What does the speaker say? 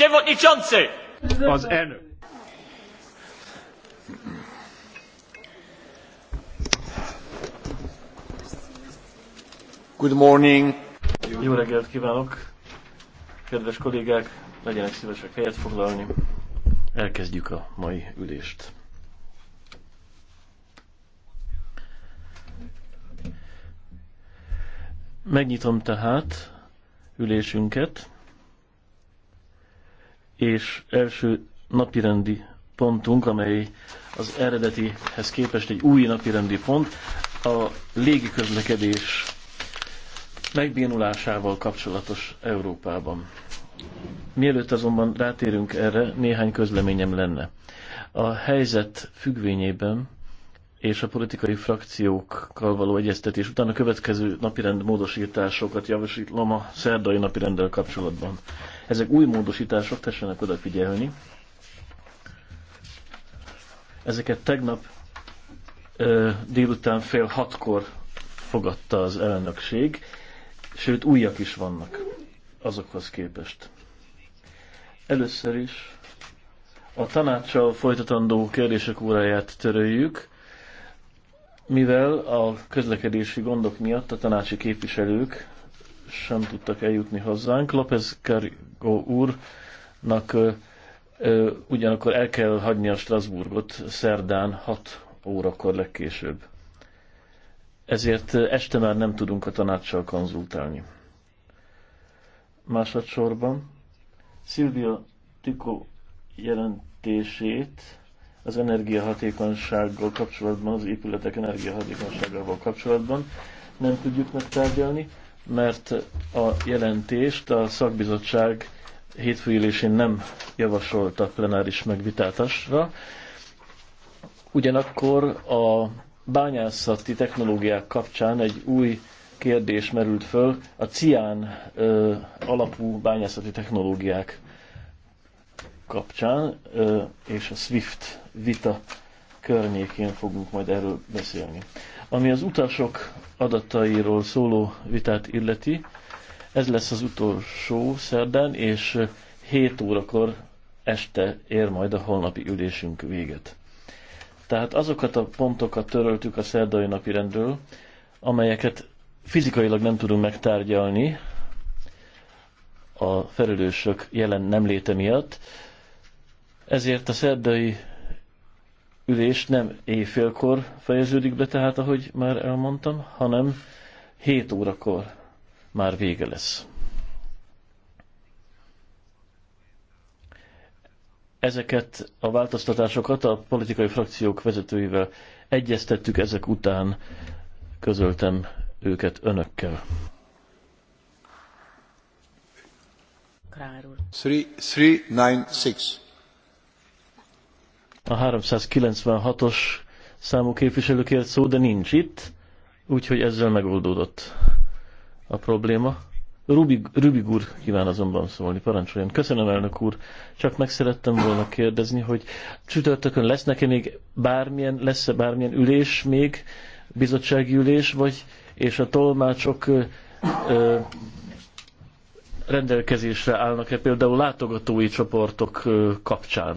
Przewodniczący! Good morning. Jó reggelt kívánok! Kedves kollégák, legyenek szívesek helyet foglalni. Elkezdjük a mai ülést. Megnyitom tehát ülésünket és első napirendi pontunk, amely az eredetihez képest egy új napirendi pont, a közlekedés megbénulásával kapcsolatos Európában. Mielőtt azonban rátérünk erre, néhány közleményem lenne. A helyzet függvényében és a politikai frakciókkal való egyeztetés után a következő napirend módosításokat javaslom a szerdai napirenddel kapcsolatban. Ezek új módosítások, tessenek odafigyelni. Ezeket tegnap ö, délután fél hatkor fogadta az elnökség, sőt újak is vannak azokhoz képest. Először is a tanácssal folytatandó kérdések óráját töröljük mivel a közlekedési gondok miatt a tanácsi képviselők sem tudtak eljutni hozzánk, López Cargo úrnak ö, ö, ugyanakkor el kell hagyni a Strasbourgot szerdán 6 órakor legkésőbb. Ezért este már nem tudunk a tanácssal konzultálni. Másodszorban Szilvia Tiko jelentését az energiahatékonysággal kapcsolatban, az épületek energiahatékonyságával kapcsolatban nem tudjuk megtárgyalni, mert a jelentést a szakbizottság hétfői nem javasolta plenáris megvitátásra. Ugyanakkor a bányászati technológiák kapcsán egy új kérdés merült föl, a cián ö, alapú bányászati technológiák kapcsán, és a SWIFT vita környékén fogunk majd erről beszélni. Ami az utasok adatairól szóló vitát illeti, ez lesz az utolsó szerdán, és 7 órakor este ér majd a holnapi ülésünk véget. Tehát azokat a pontokat töröltük a szerdai napi rendről, amelyeket fizikailag nem tudunk megtárgyalni a felelősök jelen nem léte miatt, ezért a szerdai ülés nem éjfélkor fejeződik be, tehát ahogy már elmondtam, hanem 7 órakor már vége lesz. Ezeket a változtatásokat a politikai frakciók vezetőivel egyeztettük, ezek után közöltem őket önökkel. three nine six a 396-os számú képviselőkért szó, de nincs itt, úgyhogy ezzel megoldódott a probléma. Rubig, Rubig úr kíván azonban szólni, parancsoljon. Köszönöm, elnök úr. Csak meg szerettem volna kérdezni, hogy csütörtökön lesz neki még bármilyen, lesz-e bármilyen ülés még, bizottsági ülés, vagy, és a tolmácsok ö, ö, rendelkezésre állnak-e például látogatói csoportok ö, kapcsán?